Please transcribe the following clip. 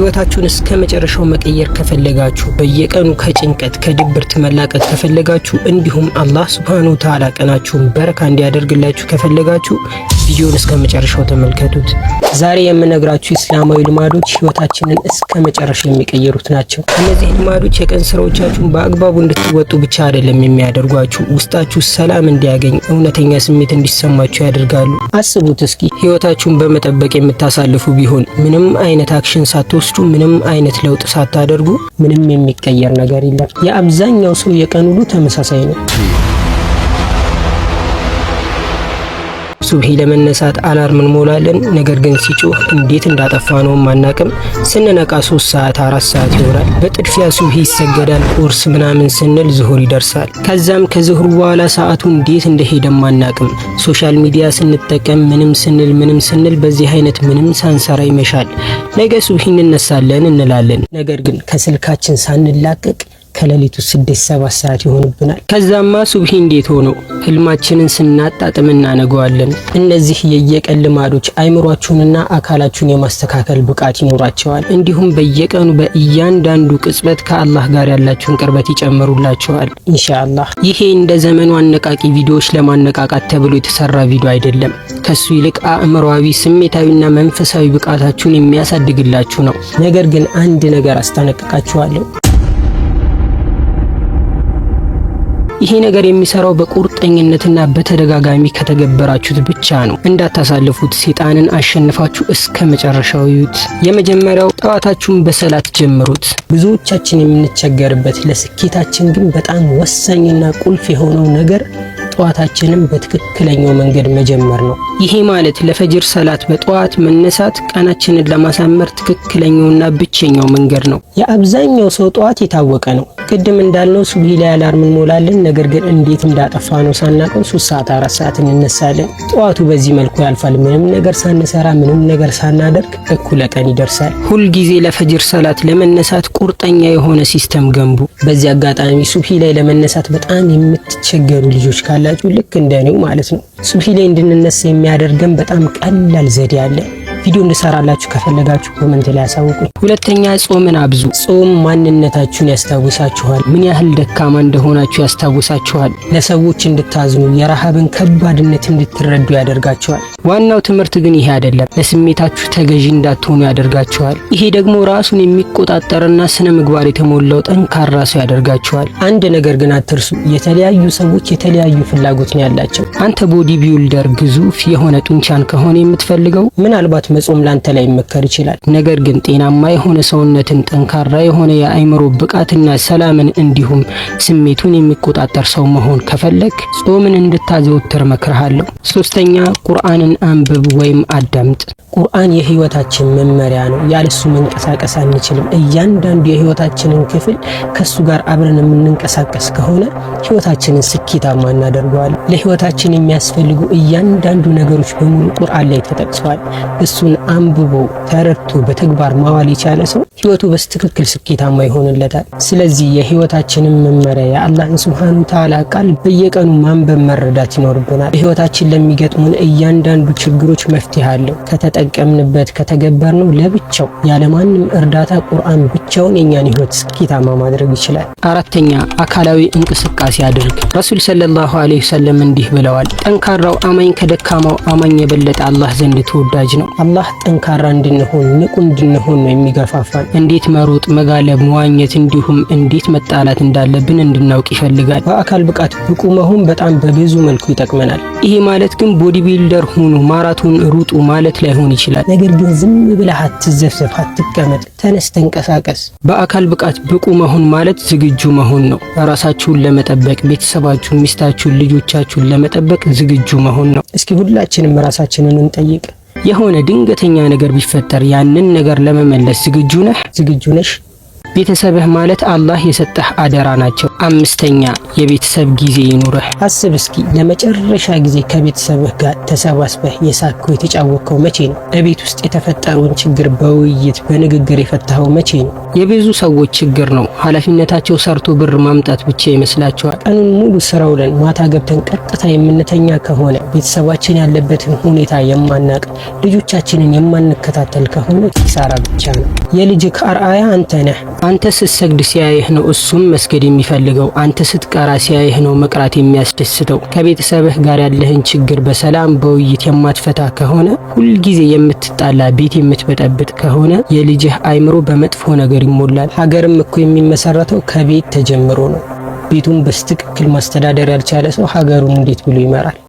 ህይወታችሁን እስከ መጨረሻው መቀየር ከፈለጋችሁ በየቀኑ ከጭንቀት ከድብርት መላቀቅ ከፈለጋችሁ እንዲሁም አላህ ሱብሃነሁ ወተዓላ ቀናችሁን በረካ እንዲያደርግላችሁ ከፈለጋችሁ ቪዲዮን እስከ መጨረሻው ተመልከቱት። ዛሬ የምነግራችሁ እስላማዊ ልማዶች ህይወታችንን እስከ መጨረሻ የሚቀየሩት ናቸው። እነዚህ ልማዶች የቀን ስራዎቻችሁን በአግባቡ እንድትወጡ ብቻ አይደለም የሚያደርጓችሁ፣ ውስጣችሁ ሰላም እንዲያገኝ፣ እውነተኛ ስሜት እንዲሰማችሁ ያደርጋሉ። አስቡት እስኪ ህይወታችሁን በመጠበቅ የምታሳልፉ ቢሆን ምንም አይነት አክሽን ሳትወስዱ፣ ምንም አይነት ለውጥ ሳታደርጉ ምንም የሚቀየር ነገር የለም። የአብዛኛው ሰው የቀን ተመሳሳይ ነው። ሱብሂ ለመነሳት አላርም እንሞላለን። ነገር ግን ሲጮህ እንዴት እንዳጠፋ ነው አናቅም። ስንነቃ ሶስት ሰዓት አራት ሰዓት ይሆናል። በጥድፊያ ሱብሂ ይሰገዳል። ቁርስ ምናምን ስንል ዝሁር ይደርሳል። ከዛም ከዝሁር በኋላ ሰዓቱ እንዴት እንደሄደም ማናቅም ሶሻል ሚዲያ ስንጠቀም ምንም ስንል ምንም ስንል በዚህ አይነት ምንም ሳንሰራ ይመሻል። ነገ ሱብሒ እንነሳለን እንላለን። ነገር ግን ከስልካችን ሳንላቀቅ ከሌሊቱ ስድስት ሰባት ሰዓት ይሆንብናል። ከዛማ ሱብሂ እንዴት ሆነው ህልማችንን ስናጣጥም እናነገዋለን። እነዚህ የየቀን ልማዶች አይምሯችሁንና አካላችሁን የማስተካከል ብቃት ይኖራቸዋል። እንዲሁም በየቀኑ በእያንዳንዱ ቅጽበት ከአላህ ጋር ያላችሁን ቅርበት ይጨምሩላቸዋል ኢንሻአላህ። ይሄ እንደ ዘመኑ አነቃቂ ቪዲዮዎች ለማነቃቃት ተብሎ የተሰራ ቪዲዮ አይደለም። ከሱ ይልቅ አእምሯዊ፣ ስሜታዊና መንፈሳዊ ብቃታችሁን የሚያሳድግላችሁ ነው። ነገር ግን አንድ ነገር አስጠነቅቃችኋለሁ። ይሄ ነገር የሚሰራው በቁርጠኝነትና በተደጋጋሚ ከተገበራችሁት ብቻ ነው። እንዳታሳልፉት። ሴጣንን አሸንፋችሁ እስከ መጨረሻው ይዩት። የመጀመሪያው ጠዋታችሁን በሰላት ጀምሩት። ብዙዎቻችን የምንቸገርበት ለስኬታችን ግን በጣም ወሳኝና ቁልፍ የሆነው ነገር ጠዋታችንን በትክክለኛው መንገድ መጀመር ነው። ይሄ ማለት ለፈጅር ሰላት በጠዋት መነሳት ቀናችንን ለማሳመር ትክክለኛውና ብቸኛው መንገድ ነው። የአብዛኛው ሰው ጠዋት የታወቀ ነው። ቅድም እንዳልነው ሱብሂ ላይ አላርም እንሞላለን። ነገር ግን እንዴት እንዳጠፋ ነው ሳናቀው ሶስት ሰዓት አራት ሰዓት እንነሳለን። ጠዋቱ በዚህ መልኩ ያልፋል። ምንም ነገር ሳንሰራ ምንም ነገር ሳናደርግ እኩለ ቀን ይደርሳል። ሁልጊዜ ለፈጅር ሰላት ለመነሳት ቁርጠኛ የሆነ ሲስተም ገንቡ። በዚህ አጋጣሚ ሱብሂ ላይ ለመነሳት በጣም የምትቸገሩ ልጆች ካላችሁ ልክ እንደኔው ማለት ነው ሱብሂ ላይ እንድንነሳ የሚያደርገን በጣም ቀላል ዘዴ አለ። ቪዲዮ እንድሰራላችሁ ከፈለጋችሁ ኮመንት ላይ አሳውቁ። ሁለተኛ ጾምን አብዙ። ጾም ማንነታችሁን ያስታውሳችኋል። ምን ያህል ደካማ እንደሆናችሁ ያስታውሳችኋል። ለሰዎች እንድታዝኑ፣ የረሃብን ከባድነት እንድትረዱ ያደርጋችኋል። ዋናው ትምህርት ግን ይሄ አይደለም። ለስሜታችሁ ተገዢ እንዳትሆኑ ያደርጋችኋል። ይሄ ደግሞ ራሱን የሚቆጣጠርና ስነ ምግባር የተሞላው ጠንካራ ሰው ያደርጋችኋል። አንድ ነገር ግን አትርሱ፣ የተለያዩ ሰዎች የተለያዩ ፍላጎት ነው ያላቸው። አንተ ቦዲ ቢውልደር ግዙፍ የሆነ ጡንቻን ከሆነ የምትፈልገው ምናልባት መጾም ላንተ ላይ መከር ይችላል። ነገር ግን ጤናማ የሆነ ሰውነትን፣ ጠንካራ የሆነ የአእምሮ ብቃትና ሰላምን እንዲሁም ስሜቱን የሚቆጣጠር ሰው መሆን ከፈለግ ጾምን እንድታዘወትር መክርሃለሁ። ሶስተኛ ቁርአንን አንብብ ወይም አዳምጥ። ቁርአን የህይወታችን መመሪያ ነው። ያለሱ መንቀሳቀስ አንችልም። እያንዳንዱ የህይወታችንን ክፍል ከሱ ጋር አብረን የምንንቀሳቀስ ከሆነ ህይወታችንን ስኬታማ እናደርገዋል። ለህይወታችን የሚያስፈልጉ እያንዳንዱ ነገሮች በሙሉ ቁርአን ላይ ተጠቅሰዋል። እሱን አንብቦ ተረድቶ በተግባር ማዋል የቻለ ሰው ህይወቱ በስትክክል ስኬታማ ይሆንለታል። ስለዚህ የህይወታችንን መመሪያ የአላህን ስብሃኑ ተዓላ ቃል በየቀኑ ማንበብ መረዳት ይኖርብናል። ህይወታችን ለሚገጥሙን እያንዳንዱ ችግሮች መፍትሄ አለው ከተጠቀምንበት ከተገበርነው ለብቻው ያለማንም እርዳታ ቁርአን ብቻውን የእኛን ህይወት ስኬታማ ማድረግ ይችላል። አራተኛ አካላዊ እንቅስቃሴ አድርግ። ረሱል ሰለላሁ ዐለይሂ ወሰለም እንዲህ ብለዋል፣ ጠንካራው አማኝ ከደካማው አማኝ የበለጠ አላህ ዘንድ ተወዳጅ ነው። አላህ ጠንካራ እንድንሆን ንቁ እንድንሆን ነው የሚገፋፋን። እንዴት መሮጥ፣ መጋለብ፣ መዋኘት እንዲሁም እንዴት መጣላት እንዳለብን እንድናውቅ ይፈልጋል። በአካል ብቃት ብቁ መሆን በጣም በብዙ መልኩ ይጠቅመናል። ይሄ ማለት ግን ቦዲ ቢልደር ሁኑ፣ ማራቶን ሩጡ ማለት ላይሆን ይችላል። ነገር ግን ዝም ብለህ አትዘፍዘፍ፣ አትቀመጥ፣ ተነስ፣ ተንቀሳቀስ። መድረስ። በአካል ብቃት ብቁ መሆን ማለት ዝግጁ መሆን ነው። ራሳችሁን ለመጠበቅ፣ ቤተሰባችሁን፣ ሚስታችሁን፣ ልጆቻችሁን ለመጠበቅ ዝግጁ መሆን ነው። እስኪ ሁላችንም ራሳችንን እንጠይቅ። የሆነ ድንገተኛ ነገር ቢፈጠር ያንን ነገር ለመመለስ ዝግጁ ነህ? ዝግጁ ነሽ? ቤተሰብህ ማለት አላህ የሰጠህ አደራ ናቸው። አምስተኛ የቤተሰብ ጊዜ ይኑርህ። አስብ እስኪ ለመጨረሻ ጊዜ ከቤተሰብህ ጋር ተሰባስበህ የሳቅከው የተጫወቅከው መቼ ነው? በቤት ውስጥ የተፈጠረውን ችግር በውይይት በንግግር የፈታኸው መቼ ነው? የብዙ ሰዎች ችግር ነው። ኃላፊነታቸው ሰርቶ ብር ማምጣት ብቻ ይመስላቸዋል። ቀኑን ሙሉ ስራ ውለን ማታ ገብተን ቀጥታ የምንተኛ ከሆነ ቤተሰባችን ያለበትን ሁኔታ የማናቅ ልጆቻችንን የማንከታተል ከሆነ ኪሳራ ብቻ ነው። የልጅ ከአርአያ አንተ ነህ። አንተ ስትሰግድ ሲያየህ ነው እሱም መስገድ የሚፈልግ የሚፈልገው አንተ ስትቀራ ሲያይህ ነው መቅራት የሚያስደስተው። ከቤተሰብህ ጋር ያለህን ችግር በሰላም በውይይት የማትፈታ ከሆነ፣ ሁልጊዜ የምትጣላ ቤት የምትበጠብጥ ከሆነ የልጅህ አይምሮ በመጥፎ ነገር ይሞላል። ሀገርም እኮ የሚመሰረተው ከቤት ተጀምሮ ነው። ቤቱን በስትክክል ማስተዳደር ያልቻለ ሰው ሀገሩን እንዴት ብሎ ይመራል?